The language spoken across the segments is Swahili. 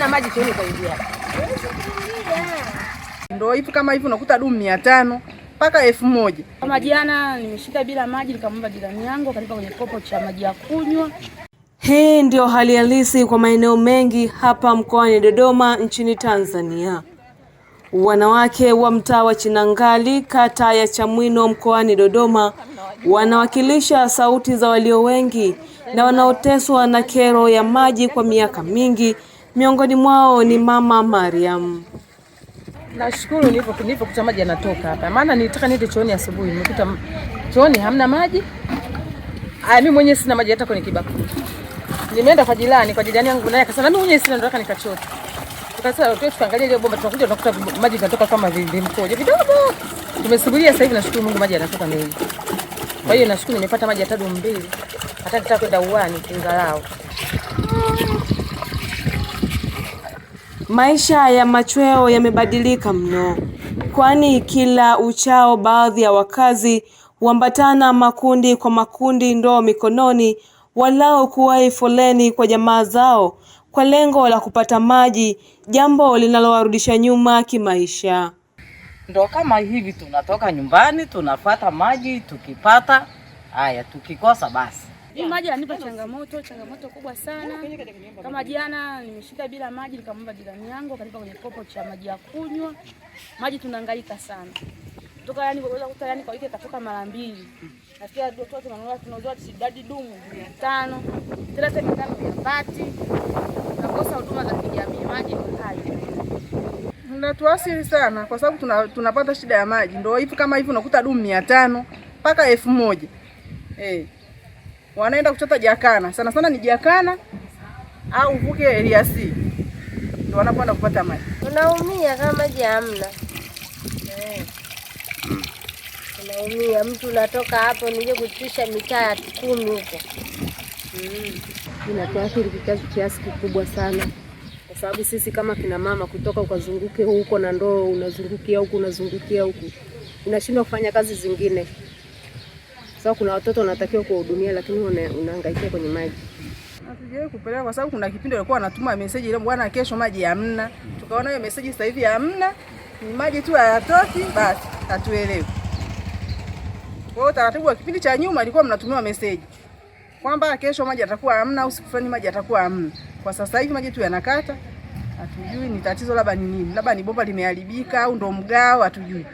hana maji kiuni kaingia. Ndio hivi kama hivi unakuta dumu mia tano mpaka elfu moja. Kama jana nimeshika bila maji, nikamwomba jirani yangu akanipa kwenye kopo cha maji ya kunywa. Hii ndio hali halisi kwa maeneo mengi hapa mkoani Dodoma nchini Tanzania. Wanawake wa mtaa wa Chinangali kata ya Chamwino mkoani Dodoma wanawakilisha sauti za walio wengi na wanaoteswa na kero ya maji kwa miaka mingi miongoni mwao ni mama Mariam. Nashukuru kuta maji yanatoka hapa, maana nilitaka niende chooni asubuhi, nimekuta chooni hamna maji. Aya, mimi mwenyewe sina maji hata kwenye kibakuli. Nimeenda kwa jirani, kwa jirani yangu naye akasema mimi mwenyewe sina, ndio nikachoka. Tukasema tuwe tukaangalia ile bomba, tunakuja tunakuta maji yanatoka kama vile vimkojo kidogo. Tumesubiria sasa hivi, nashukuru Mungu maji yanatoka mengi. Kwa hiyo nashukuru nimepata maji hata dumu mbili, hata nitakwenda uani kingalao. Maisha ya machweo yamebadilika mno, kwani kila uchao baadhi ya wakazi huambatana makundi kwa makundi, ndoo mikononi, walao kuwahi foleni kwa jamaa zao kwa lengo la kupata maji, jambo linalowarudisha nyuma kimaisha. Ndo kama hivi tunatoka nyumbani tunafata maji, tukipata haya, tukikosa basi hii maji yanipa changamoto, changamoto kubwa sana. Kama jana nimeshika bila maji, nikamwomba jirani yangu akanipa kwenye kopo cha maji ya kunywa. Maji tunahangaika sana. Kutoka yani unaweza kukuta yani kwa wiki atatoka mara mbili. Nasikia wote wanaona tunaozoa sidadi dumu 500, kila siku mitano yapati. Tunakosa huduma za kijamii, maji ni hai. Natuasiri sana kwa sababu tuna, tunapata shida ya maji. Ndio hivi kama hivi unakuta dumu 500 mpaka 1000. Eh. Hey wanaenda kuchota jakana, sana sana ni jakana au mvuke Eliasi C ndio wanapoenda kupata maji. Unaumia kama maji hamna, eh. unaumia mtu, unatoka hapo nije kutisha mitaa ya kumi huko mm. Inatuathiri kikazi kiasi kikubwa sana kwa sababu sisi kama kina mama kutoka ukazunguke huko na ndoo unazungukia huku unazungukia huku, unashindwa kufanya kazi zingine. Sasa kuna watoto wanatakiwa kuwahudumia, lakini unahangaikia kwenye maji. Hatujawahi kupelewa kwa sababu kuna kipindi walikuwa wanatuma message ile, bwana, kesho maji hamna. Tukaona hiyo message sasa hivi hamna, ni maji tu hayatoki, basi hatuelewi. Kwa hiyo taratibu wa kipindi cha nyuma ilikuwa mnatumiwa message kwamba kesho maji atakuwa hamna au siku fulani maji atakuwa hamna. Kwa sasa hivi maji tu yanakata, hatujui ni tatizo labda ni nini, labda ni bomba limeharibika au ndo mgao, hatujui.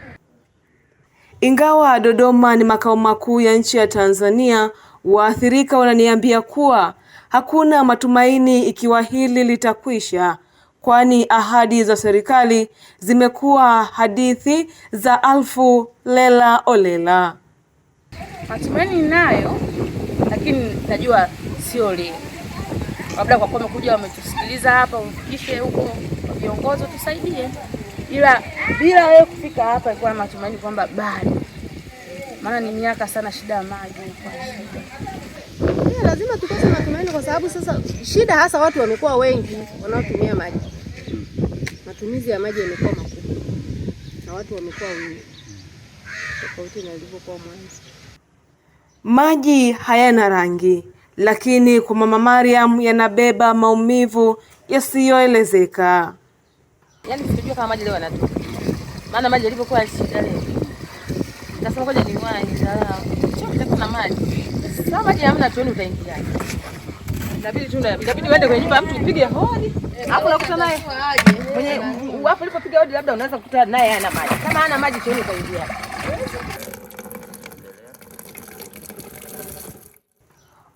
Ingawa Dodoma ni makao makuu ya nchi ya Tanzania, waathirika wananiambia kuwa hakuna matumaini ikiwa hili litakwisha, kwani ahadi za serikali zimekuwa hadithi za alfu lela olela. Matumaini nayo, lakini najua sio leo. Labda kwa kuwa wamekuja wametusikiliza hapa, ufikishe huko viongozi, tusaidie ila bila wewe kufika hapa ilikuwa na matumaini kwamba bado, maana ni miaka sana shida ya maji kwa shida. Yeah, lazima tukose matumaini, kwa sababu sasa shida hasa watu wamekuwa wengi wanaotumia maji, matumizi ya maji yamekuwa makubwa na watu wamekuwa wengi tofauti na ilivyokuwa mwanzo. Maji hayana rangi, lakini kwa mama Mariam yanabeba maumivu yasiyoelezeka. Yaani sijui kama maji leo yanatoka. Maana maji yalivyokuwa shida leo. Nasema ngoja niwahi sala. Sio kitakuwa na maji. Sasa maji hamna tuone utaingia. Inabidi tu inabidi uende kwenye nyumba ya mtu upige hodi. Hapo unakuta naye. Mwenye hapo ulipopiga hodi labda unaweza kukutana naye hana maji. Kama hana maji tuone utaingia.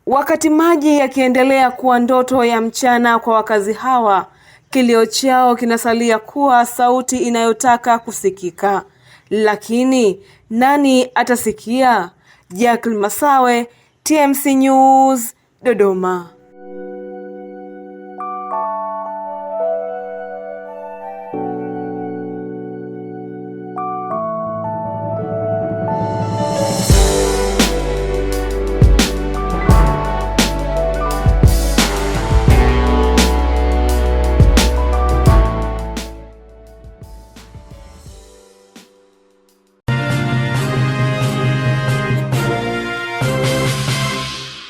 Wakati maji yakiendelea kuwa ndoto ya mchana kwa wakazi hawa Kilio chao kinasalia kuwa sauti inayotaka kusikika, lakini nani atasikia? Jackline Masawe, TMC News, Dodoma.